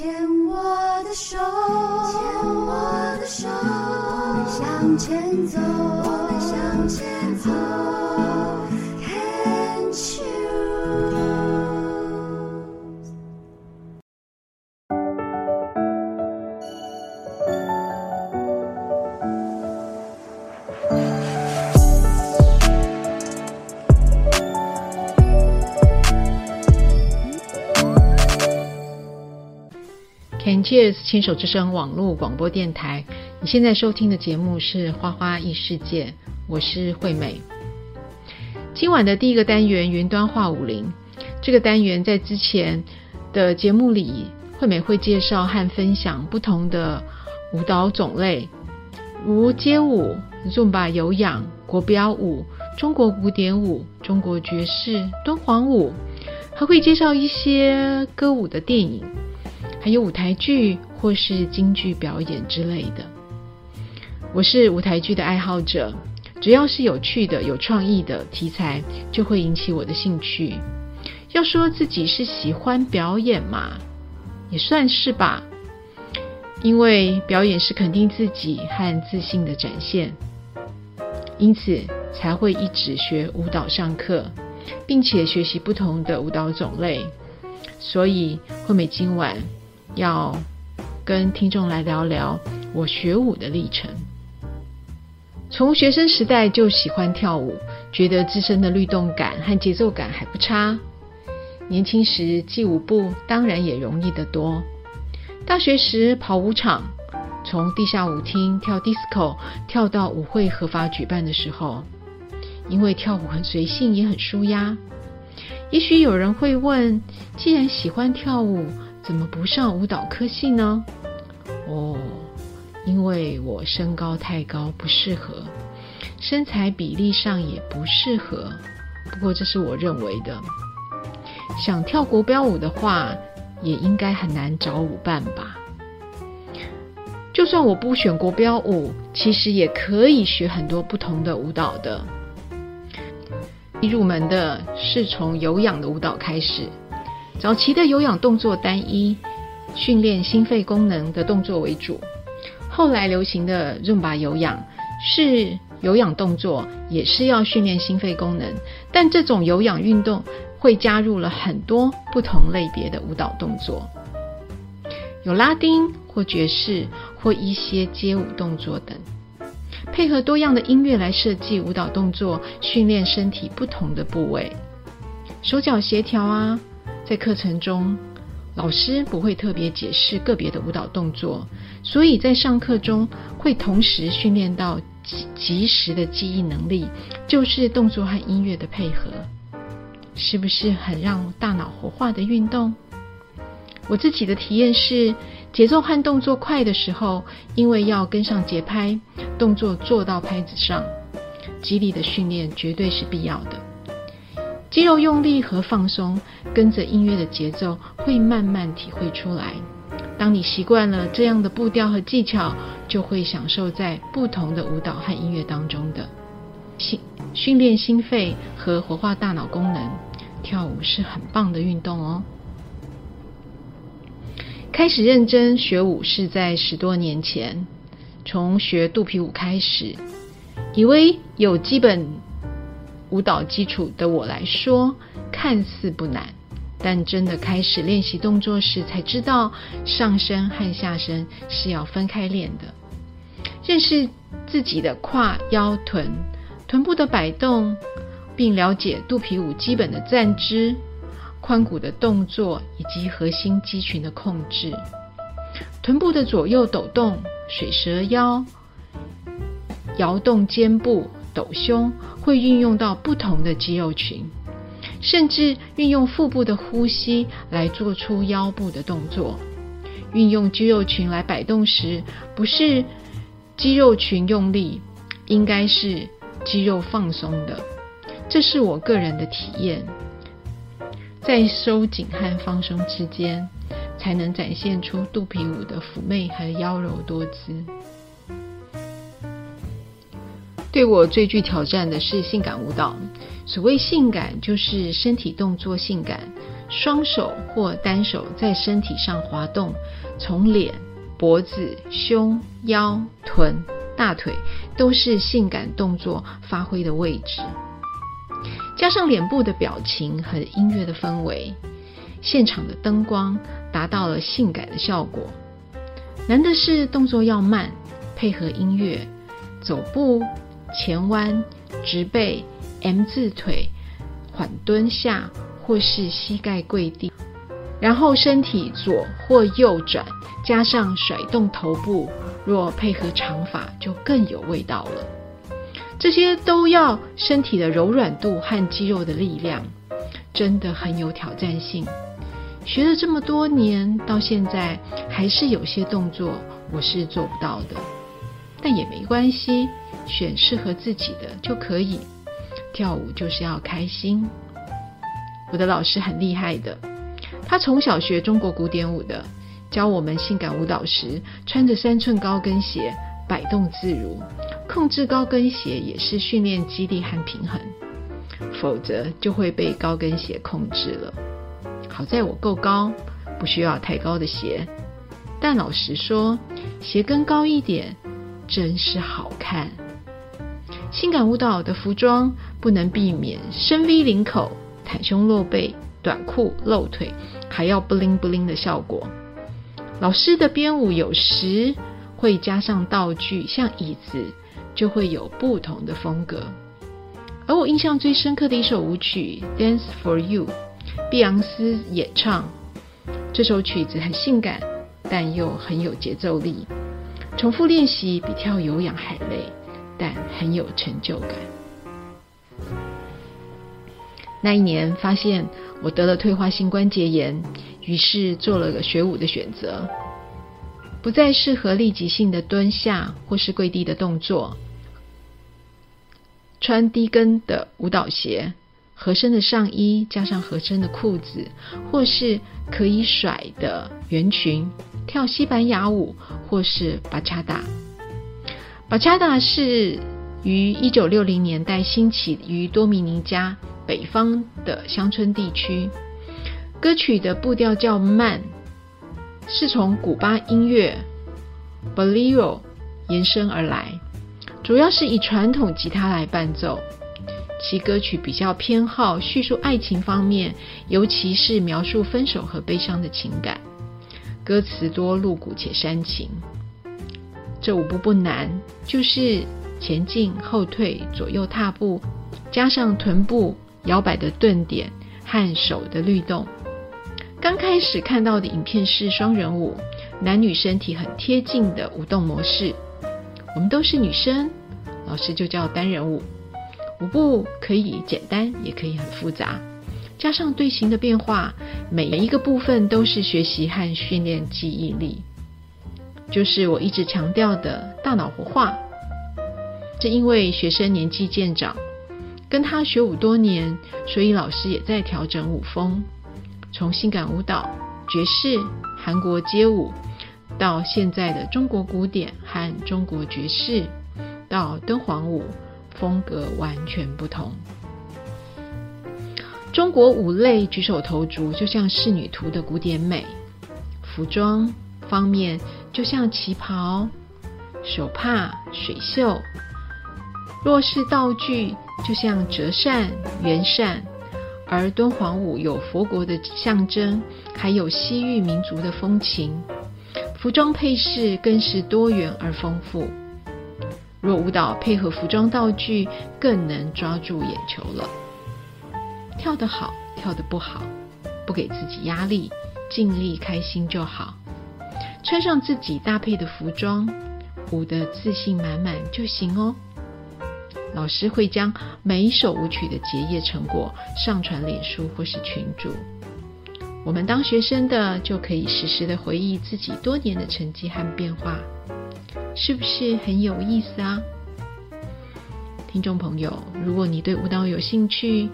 牽我的手，牽我的手，向前走。Cheers！牽手之聲網絡廣播電台，你現在收聽的節目是《花花異世界》，我是惠美。今晚的第一個單元“雲端話舞林”這個單元，在之前的節目裡，惠美會介紹和分享不同的舞蹈種類，如街舞、Zumba、有氧、國標舞、中國古典舞、中國爵士、敦煌舞，還會介紹一些歌舞的電影。還有舞台劇或是京劇表演之類的。我是舞台劇的愛好者，只要是有趣的、有創意的題材，就會引起我的興趣。要說自己是喜歡表演嘛，也算是吧。因為表演是肯定自己和自信的展現，因此才會一直學舞蹈上課，並且學習不同的舞蹈種類。所以惠美今晚，要跟聽眾來聊聊我學舞的歷程。從學生時代就喜歡跳舞，覺得自身的律動感和節奏感還不差。年輕時記舞步當然也容易得多。大學時跑舞場，從地下舞廳跳 disco，跳到舞會合法舉辦的時候，因為跳舞很隨性，也很舒壓。也許有人會問：既然喜歡跳舞，怎麼不上舞蹈科系呢？哦，因為我身高太高，不適合，身材比例上也不適合。不過這是我認為的。想跳國標舞的話，也應該很難找舞伴吧。就算我不選國標舞，其實也可以學很多不同的舞蹈的。一入門的是從有氧的舞蹈開始。早期的有氧動作單一，訓練心肺功能的動作為主。後來流行的 Zumba 有氧是有氧動作，也是要訓練心肺功能，但這種有氧運動會加入了很多不同類別的舞蹈動作，有拉丁或爵士或一些街舞動作等，配合多樣的音樂來設計舞蹈動作，訓練身體不同的部位，手腳協調啊。在課程中，老師不會特別解釋個別的舞蹈動作，所以在上課中會同時訓練到及及時的記憶能力，就是動作和音樂的配合，是不是很讓大腦活化的運動？我自己的體驗是，節奏和動作快的時候，因為要跟上節拍，動作做到拍子上，肌力的訓練絕對是必要的。肌肉用力和放鬆，跟着音樂的節奏會慢慢體會出來。當你習慣了這樣的步調和技巧，就會享受在不同的舞蹈和音樂當中的心訓練心肺和活化大腦功能。跳舞是很棒的運動哦。開始認真學舞是在十多年前，從學肚皮舞開始，以為有基本。舞蹈基礎的我來說，看似不難，但真的開始練習動作時，才知道上身和下身是要分開練的。認識自己的胯、腰、臀，臀部的擺動，並了解肚皮舞基本的站姿、髖骨的動作以及核心肌群的控制。臀部的左右抖動、水蛇腰、搖動肩部。抖胸會運用到不同的肌肉群，甚至運用腹部的呼吸來做出腰部的動作。運用肌肉群來擺動時，不是肌肉群用力，應該是肌肉放鬆的。這是我個人的體驗，在收緊和放鬆之間，才能展現出肚皮舞的嫵媚和妖嬈多姿。對我最具挑戰的是性感舞蹈。所謂性感，就是身體動作性感，雙手或單手在身體上滑動，從臉、脖子、胸、腰、臀、大腿都是性感動作發揮的位置。加上臉部的表情和音樂的氛圍，現場的燈光達到了性感的效果。難的是動作要慢，配合音樂，走步。前彎、直背、M 字腿、緩蹲下，或是膝蓋跪地，然後身體左或右轉，加上甩動頭部。若配合長髮，就更有味道了。這些都要身體的柔軟度和肌肉的力量，真的很有挑戰性。學了這麼多年，到現在還是有些動作我是做不到的。但也沒關係，選適合自己的就可以。跳舞就是要開心。我的老師很厲害的，他從小學中國古典舞的，教我們性感舞蹈時，穿着三寸高跟鞋擺動自如。控制高跟鞋也是訓練肌力和平衡，否則就會被高跟鞋控制了。好在我夠高，不需要太高的鞋。但老實說，鞋跟高一點。真是好看！性感舞蹈的服裝不能避免深 V 領口、袒胸露背、短褲露腿，還要 bling bling 的效果。老師的編舞有時會加上道具，像椅子，就會有不同的風格。而我印象最深刻的一首舞曲《Dance for You》，碧昂斯演唱。這首曲子很性感，但又很有節奏力。重複練習比跳有氧還累，但很有成就感。那一年發現我得了退化性關節炎，於是做了個學舞的選擇，不再適合立即性的蹲下或是跪地的動作。穿低跟的舞蹈鞋，合身的上衣加上合身的褲子，或是可以甩的圓裙。跳西班牙舞，或是巴恰達。巴恰達是於一九六零年代興起於多米尼加北方的鄉村地區。歌曲的步調較慢，是從古巴音樂 bolero 延伸而來，主要是以傳統吉他來伴奏。其歌曲比較偏好敘述愛情方面，尤其是描述分手和悲傷的情感。歌詞多露骨且煽情。這舞步不難，就是前進、後退、左右踏步，加上臀部搖擺的頓點和手的律動。剛開始看到的影片是雙人舞，男女身體很貼近的舞動模式。我們都是女生，老師就叫單人舞。舞步可以簡單，也可以很複雜。加上隊形的變化，每一個部分都是學習和訓練記憶力，就是我一直強調的大腦活化。正因為學生年紀漸長，跟他學舞多年，所以老師也在調整舞風，從性感舞蹈、爵士、韓國街舞，到現在的中國古典和中國爵士，到敦煌舞，風格完全不同。中國舞類舉手投足就像仕女圖的古典美，服裝方面就像旗袍、手帕、水袖；若是道具，就像折扇、圓扇。而敦煌舞有佛國的象徵，還有西域民族的風情，服裝配飾更是多元而豐富。若舞蹈配合服裝道具，更能抓住眼球了。跳得好，跳得不好，不給自己壓力，盡力開心就好。穿上自己搭配的服裝，舞得自信滿滿就行哦。老師會將每一首舞曲的結業成果上傳臉書或是群組，我們當學生的就可以實時的回憶自己多年的成績和變化，是不是很有意思啊？聽眾朋友，如果你對舞蹈有興趣，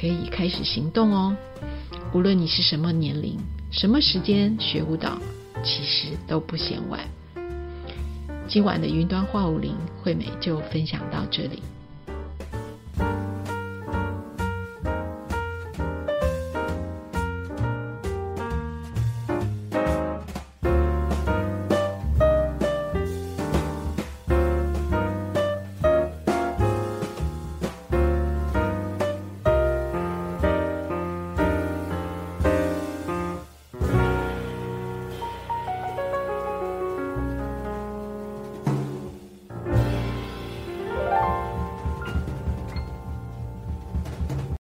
可以開始行動哦！無論你是什麼年齡、什麼時間學舞蹈，其實都不嫌晚。今晚的雲端話舞林，惠美就分享到這裡。